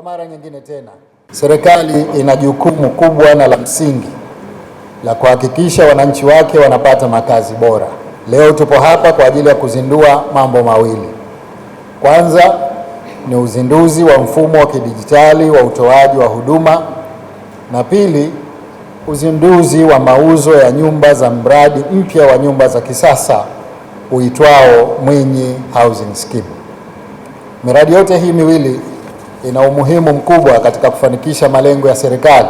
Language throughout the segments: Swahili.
Kwa mara nyingine tena, serikali ina jukumu kubwa na la msingi la kuhakikisha wananchi wake wanapata makazi bora. Leo tupo hapa kwa ajili ya kuzindua mambo mawili. Kwanza ni uzinduzi wa mfumo wa kidijitali wa utoaji wa huduma, na pili uzinduzi wa mauzo ya nyumba za mradi mpya wa nyumba za kisasa uitwao Mwinyi Housing Scheme. Miradi yote hii miwili ina umuhimu mkubwa katika kufanikisha malengo ya serikali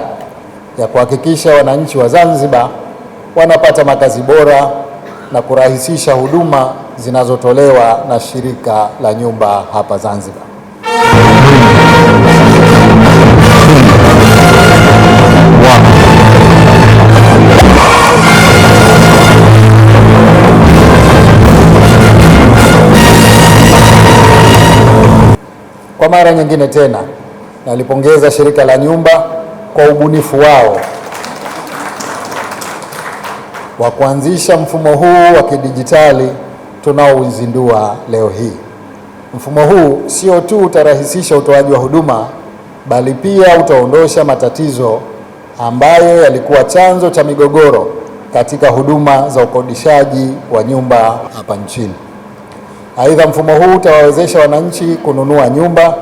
ya kuhakikisha wananchi wa Zanzibar wanapata makazi bora na kurahisisha huduma zinazotolewa na shirika la nyumba hapa Zanzibar. Kwa mara nyingine tena nalipongeza shirika la Nyumba kwa ubunifu wao wa kuanzisha mfumo huu wa kidijitali tunaouzindua leo hii. Mfumo huu sio tu utarahisisha utoaji wa huduma, bali pia utaondosha matatizo ambayo yalikuwa chanzo cha migogoro katika huduma za ukodishaji wa nyumba hapa nchini. Aidha, mfumo huu utawawezesha wananchi kununua nyumba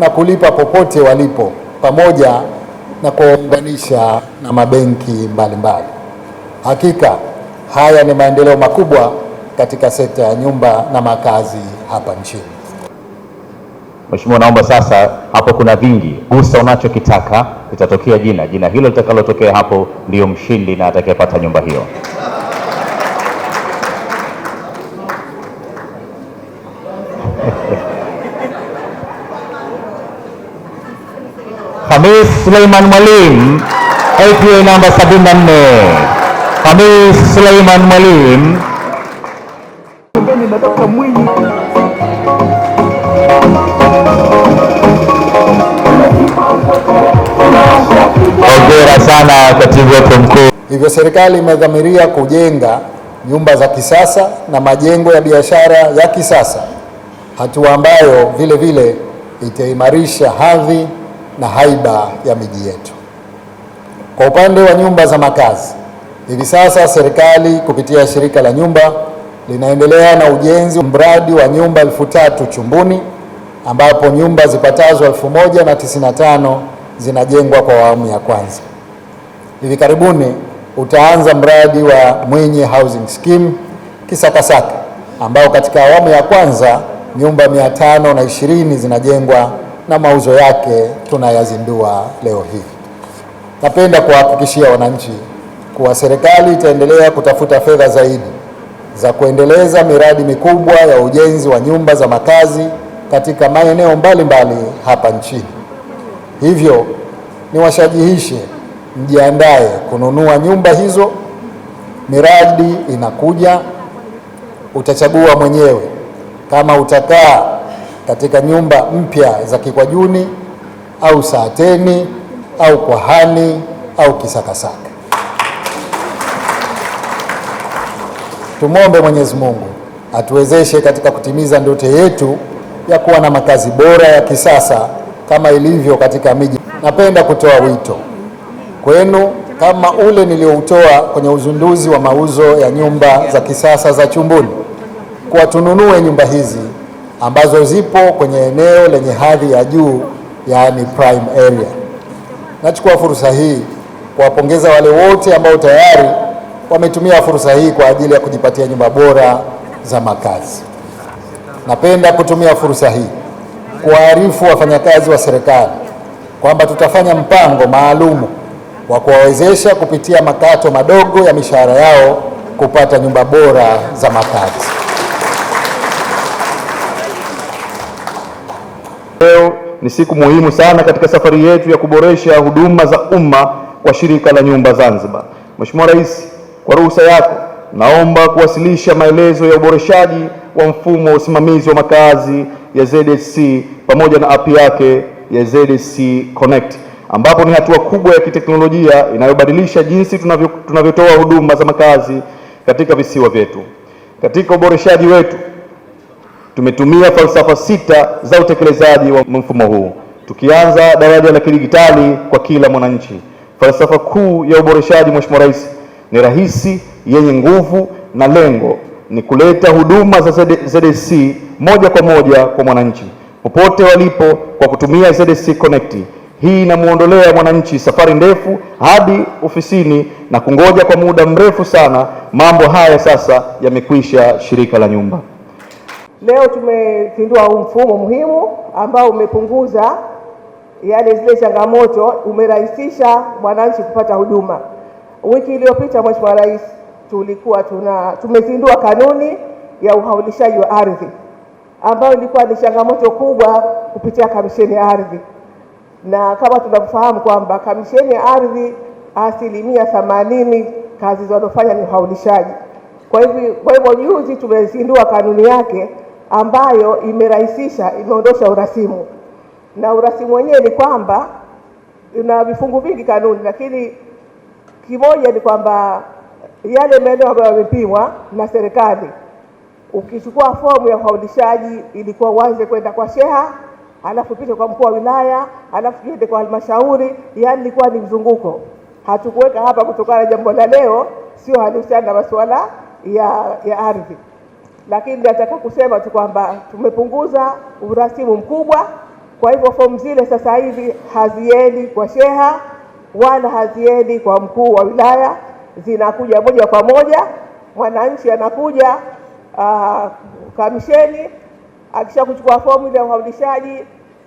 na kulipa popote walipo pamoja na kuwaunganisha na mabenki mbalimbali mbali. Hakika haya ni maendeleo makubwa katika sekta ya nyumba na makazi hapa nchini. Mheshimiwa, naomba sasa, hapo kuna vingi, gusa unachokitaka, itatokea jina. Jina hilo litakalotokea hapo ndiyo mshindi na atakayepata nyumba hiyo. Khamis Suleiman Mwalimu APA namba 74 Khamis Suleiman Mwalimu Hongera sana katibu wetu mkuu. Hivyo serikali imedhamiria kujenga nyumba za kisasa na majengo ya biashara ya kisasa, hatua ambayo vile vile itaimarisha hadhi na haiba ya miji yetu. Kwa upande wa nyumba za makazi, hivi sasa serikali kupitia shirika la nyumba linaendelea na ujenzi mradi wa nyumba elfu tatu Chumbuni ambapo nyumba zipatazo elfu moja na tisini na tano zinajengwa kwa awamu ya kwanza. Hivi karibuni utaanza mradi wa Mwenye Housing Scheme Kisakasaka ambao katika awamu ya kwanza nyumba mia tano na ishirini zinajengwa na mauzo yake tunayazindua leo hii. Napenda kuwahakikishia wananchi kuwa serikali itaendelea kutafuta fedha zaidi za kuendeleza miradi mikubwa ya ujenzi wa nyumba za makazi katika maeneo mbalimbali hapa nchini. Hivyo niwashajihishe mjiandae kununua nyumba hizo. Miradi inakuja, utachagua mwenyewe kama utakaa katika nyumba mpya za Kikwajuni au Saateni au Kwahani au Kisakasaka. Tumwombe Mwenyezi Mungu atuwezeshe katika kutimiza ndoto yetu ya kuwa na makazi bora ya kisasa kama ilivyo katika miji. Napenda kutoa wito kwenu kama ule nilioutoa kwenye uzinduzi wa mauzo ya nyumba za kisasa za Chumbuni, kuwa tununue nyumba hizi ambazo zipo kwenye eneo lenye hadhi ya juu, yaani prime area. Nachukua fursa hii kuwapongeza wale wote ambao tayari wametumia fursa hii kwa ajili ya kujipatia nyumba bora za makazi. Napenda kutumia fursa hii kuwaarifu wafanyakazi wa serikali kwamba tutafanya mpango maalum wa kuwawezesha kupitia makato madogo ya mishahara yao kupata nyumba bora za makazi. ni siku muhimu sana katika safari yetu ya kuboresha huduma za umma kwa shirika la nyumba Zanzibar. Mheshimiwa Rais, kwa ruhusa yako naomba kuwasilisha maelezo ya uboreshaji wa mfumo wa usimamizi wa makazi ya ZHC pamoja na app yake ya ZHC Connect ambapo ni hatua kubwa ya kiteknolojia inayobadilisha jinsi tunavyotoa huduma za makazi katika visiwa vyetu. Katika uboreshaji wetu Tumetumia falsafa sita za utekelezaji wa mfumo huu, tukianza daraja la kidigitali kwa kila mwananchi. Falsafa kuu ya uboreshaji, Mheshimiwa Rais, ni rahisi, yenye nguvu na lengo ni kuleta huduma za ZDC moja kwa moja kwa mwananchi popote walipo kwa kutumia ZDC Connect. Hii inamwondolea mwananchi safari ndefu hadi ofisini na kungoja kwa muda mrefu sana. Mambo haya sasa yamekwisha shirika la nyumba. Leo tumezindua huu mfumo muhimu ambao umepunguza yale zile changamoto, umerahisisha mwananchi kupata huduma. Wiki iliyopita Mheshimiwa Rais, tulikuwa tuna tumezindua kanuni ya uhaulishaji wa ardhi ambayo ilikuwa ni changamoto kubwa kupitia kamisheni ya ardhi, na kama tunavyofahamu kwamba kamisheni ya ardhi asilimia themanini kazi zinazofanya ni uhaulishaji. Kwa hivyo kwa hivyo juzi tumezindua kanuni yake ambayo imerahisisha, imeondosha urasimu. Na urasimu wenyewe ni kwamba una vifungu vingi kanuni, lakini kimoja ni kwamba yale maeneo ambayo yamepimwa na serikali, ukichukua fomu ya ufaulishaji ilikuwa uanze kwenda kwa sheha, alafu pite kwa mkuu wa wilaya, alafu iende kwa halmashauri, yaani ilikuwa ni mzunguko. Hatukuweka hapa kutokana na jambo la leo, sio halihusiana na masuala ya, ya ardhi lakini nataka kusema tu kwamba tumepunguza urasimu mkubwa. Kwa hivyo fomu zile sasa hivi haziendi kwa sheha wala haziendi kwa mkuu wa wilaya, zinakuja moja kwa moja, mwananchi anakuja ah, kamisheni. Akisha kuchukua fomu ile ya uhaulishaji,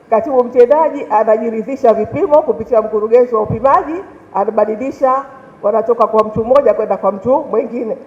katibu mtendaji anajiridhisha vipimo kupitia mkurugenzi wa upimaji, anabadilisha, wanatoka kwa mtu mmoja kwenda kwa mtu mwingine.